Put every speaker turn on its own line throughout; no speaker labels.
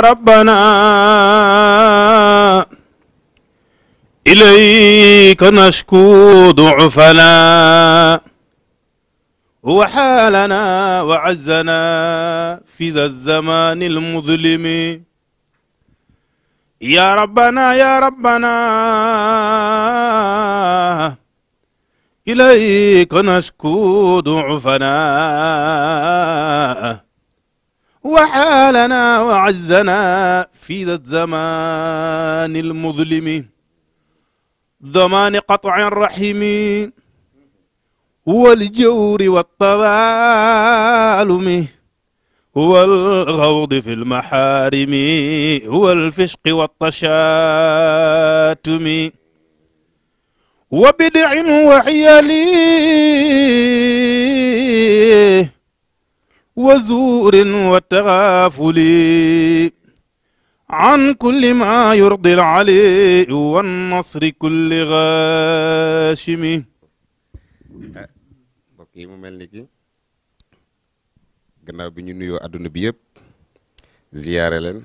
ربنا إليك نشكو ضعفنا وحالنا وعزنا في ذا الزمان المظلم يا ربنا يا ربنا إليك نشكو ضعفنا وحالنا وعزنا في ذا الزمان المظلم زمان قطع رحيم والجور والتظالم والغوض في المحارم والفشق والتشاتم وبدع وحيل وزور والتغافل عن كل ما يرضي العلي والنصر كل غاشم
mbokk yi mu mel ni ki bi ñu nuyoo adduna bi yëpp ziyaare leen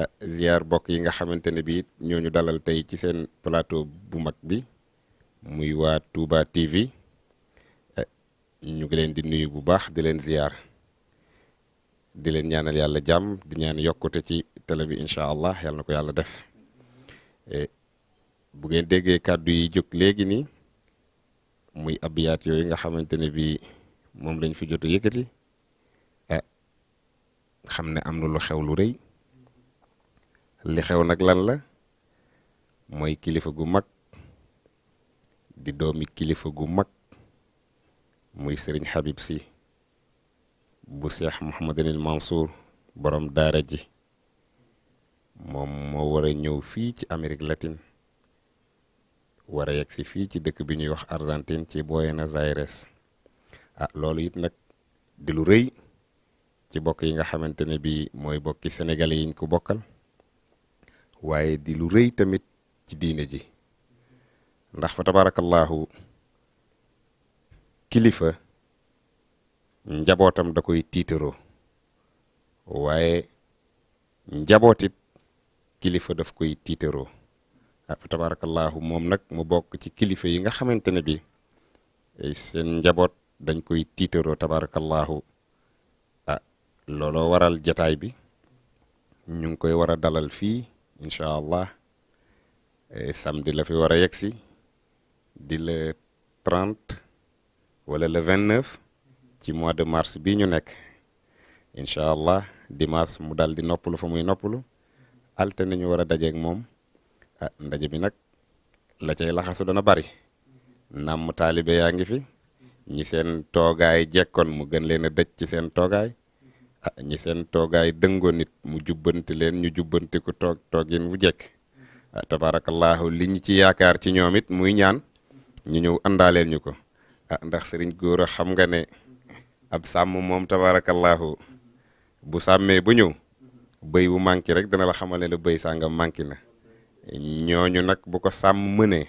ah, ziyaar mbokk yi nga xamante ne bi ñoo ñu dalal tey ci seen plateau bu mag bi muy waa Touba TV ñu ngi leen di nuyu bu baax di leen ziyaar di leen ñaanal yàlla jàmm di ñaan yokkute ci télé bi incha allah yàlla na ko yàlla def e, bu ngeen déggee kàddu yi jóg léegi ni muy abiyaat yooyu nga xamante ne bii moom lañ fi jot a yëkkati ah xam ne am na lu xew lu rëy li xew nag lan la mooy kilifa gu mag di doomi kilifa gu mag. muy sëriñ Habib si bu seex Mouhamadinil Mansour borom daara ji moom moo war ñëw fii ci Amérique latin wara a si fii ci dëkk bi ñuy wax Argentine ci Buenos Aires a ah, loolu it nag di lu rëy ci bokk yi nga xamante ne bii mooy bokki senegal yiñ ko bokkal waaye di lu rëy tamit ci diine ji ndax fa tabaarakallaahu kilifa njabootam da koy tiitaroo waaye njabootit kilifa daf koy tiitaroo ab ah, tabarakallahu moom nag mu bokk ci kilifa yi nga xamante ne bi seen njaboot dañ koy tiitaroo tabarakallahu ah looloo waral jataay bi ñu ngi koy war a dalal fii incha allah eh, samedi la fi war a yegsi di le wala le 29 ci mois de mars bii ñu nekk incha allah dimanche mu daal di noppalu fa muy noppalu altine ñu war a dajeeg moom ah ndaje bi nag la cay laxasu dana bari naam taalibe yaa ngi fi ñi seen toogaay jekkoon mu gën leen a dëj ci seen toogaay ah ñi seen toogaay dëngoo nit mu jubbanti leen ñu jubbanti ku toog toogin bu jekk ah tabaarakallaahu li ñu ci yaakaar ci ñoom it muy ñaan ñu ñëw àndaaleel ñu ko. ah ndax sëriñ góor a xam nga ne ab sàmm moom tabaarakallaahu bu sàmmee bu ñëw bay bu manqué rek dana la xamal ne la bëy sàngam manqué na ñooñu nag bu ko sàmm mënee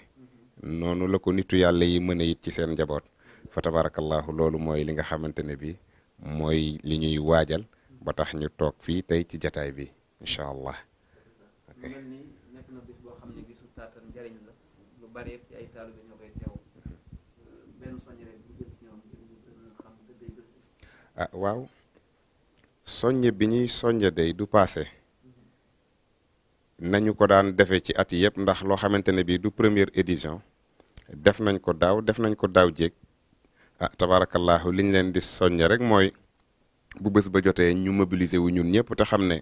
noonu la ko nitu yàlla yi mën a ci seen njaboot fa tabaarakallaahu loolu mooy li nga xamante ne bi mooy li ñuy waajal ba tax ñu toog fii tey ci jataay bi incha allah Ah, waaw soññe bi ñuy soññe day du paase nañu ko daan defee ci at yi yëpp ndax loo xamante ne bii du première édition def nañ ko daaw def nañ ko daaw jeg ah tabaarakallaahu liñ leen di soññe rek mooy bu bës ba jotee ñu mobiliser wu ñun ñëpp te xam ne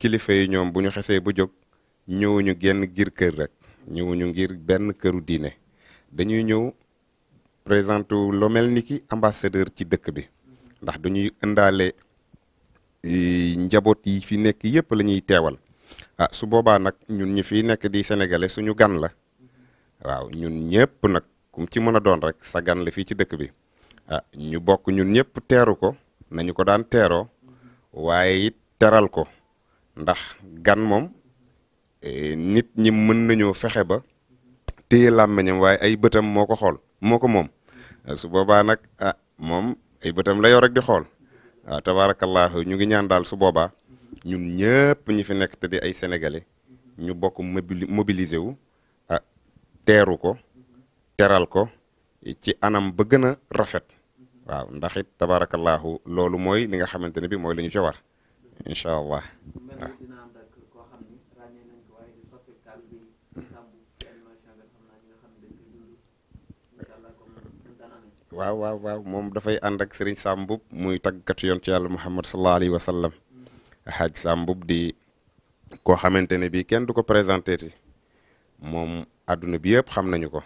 kilifa yi ñoom bu ñu xesee bu jóg ñëwuñu genn ngir kër rek ñëwuñu ngir benn këru diine dañuy ñëw présentu lu mel ni ki ambassadeur ci dëkk bi ndax dañuy indaale e, njaboot yi fi nekk yëpp la ñuy teewal ah su boobaa nag ñun ñu fi nekk di sénégalais suñu gan la waaw ñun ñëpp nag kum ci mën a doon rek sa gan la fii ci dëkk bi ah ñu bokk ñun ñëpp teeru ko nañu ko daan teeroo waaye it teral ko ndax gan moom e, nit ñi mën nañoo fexe ba téye làmmiñam waaye ay bëtam moo ko xool moo ko moom ah, su boobaa nag ah, moom ay bëtam la yor rek di xool waaw tabaarakallahu ñu ngi ñaan daal su boobaa ñun ñëpp ñi fi nekk te ay sénégalais ñu bokk mobiliser wu ah teeru ko teral ko ci anam ba gën a rafet waaw ndax it tabaarakallahu loolu mooy li nga xamante ne bi mooy la ñu ca war incha allah waaw waaw waaw moom dafay ànd ak Serigne Sambub muy tàggatu yoon ci yàlla Muhammad sallallahu alayhi wa sallam Hadj Sambub di koo xamante ne bii kenn du ko présenté ti moom àdduna bi yëpp xam nañu ko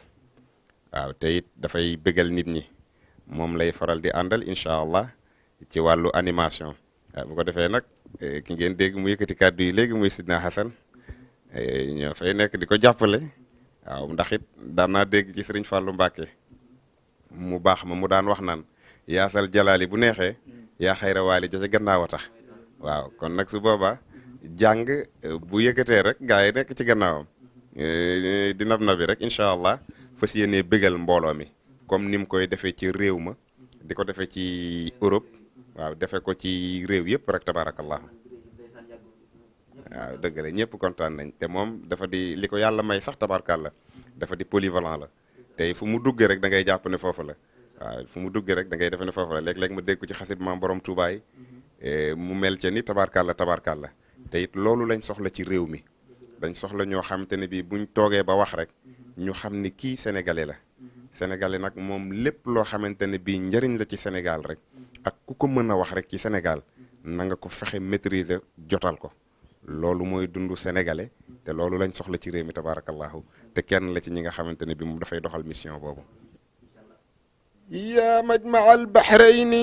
waaw dafay bëggal nit ñi moom lay faral di àndal incha allah ci wàllu animation. waaw bu ko defee nag eh, ki ngeen dégg mu yëkkati kàddu yi léegi muy Sidna Hassan eh, ñoo fay nekk di ko jàppale waaw ndax it daan naa dégg ci Serigne Fallou Mbacke. mu baax ma mu daan wax naan yaasal jalaali bu neexee mm. yaa xayra waali ja ca gannaaw tax waaw kon nag su boobaa jàng eh, bu yëkkatee rek gaa yi nekk ci gannaawam eh, di nab nabi rek incha allah fas yéenee bégal mbooloo mi comme ni mu koy defee ci réew ma di ko defee ci Europe waaw defee ko ci réew yëpp rek tabarakallah waaw dëgg la ñëpp kontaan nañ te moom dafa di li ko yàlla may sax tabarkalla dafa di polyvalent la tey fu mu duggee rek da ngay jàpp ne foofu la waaw fu mu duggee rek da ngay defe ne foofu la léeg-léeg ma dégg ko ci xasit maam borom Touba yi eh, mu mel ca ni tabaarkàlla la te it loolu lañ soxla ci réew mi dañ soxla ñoo xamante ne bii buñ toogee ba wax rek ñu xam ni kii sénégalais la sénégalais nag moom lépp loo xamante ne bii njëriñ la ci Sénégal rek ak ku ko mën a wax rek ci Sénégal na nga ko fexe maîtriser jotal ko loolu mooy dundu sénégalais te loolu lañ soxla ci réew mi te kenn la ci ñi nga xamante ne bi mu dafay doxal mission boobu
ya majmaa albahrayni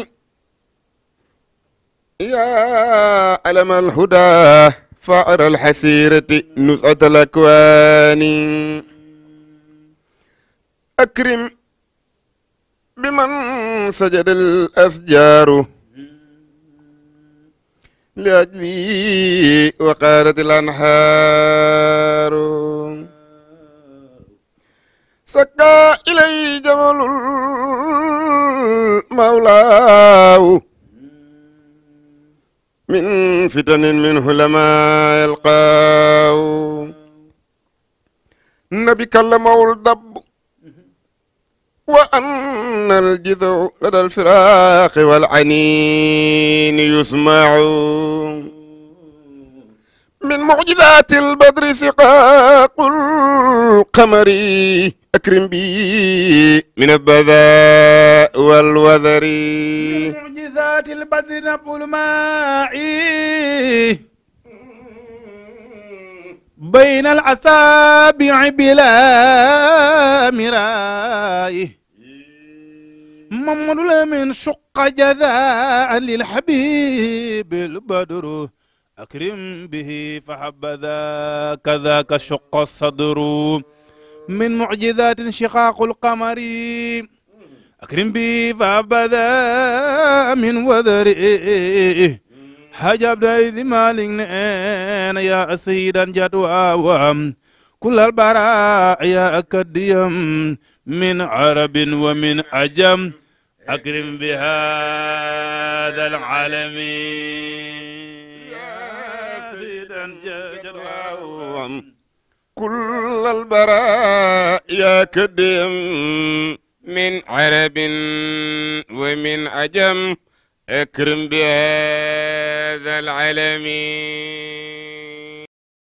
ya alama alhuda faara alxasirati nusat alakwani akrim biman sajada al asjaru لأجلي وقالت الأنهار سكى إلي جمل مولاه من فتن منه لما يلقاه نبي كلمه الدب wa anna aljizu lada alfiraqi walanin yusmau min mujizati albadri siqaqu alqamari akrim bi min albada walwadari
min mujizati albadri nabul ma'i بين الأصابع بلا مراي محمد لمن شق جزاء للحبيب البدر أكرم به فحبذا كذاك شق الصدر من معجزات انشقاق القمر أكرم به فحبذا من وذره xajaab day di maalik neena yaa asiidan jadwaawam kulal bara yaa akadiyam min wa min ajam akrim bi haadal alami yaa asiidan jadwaawam
kulal bara yaa wa min
ajam akrim bi ذا العالمين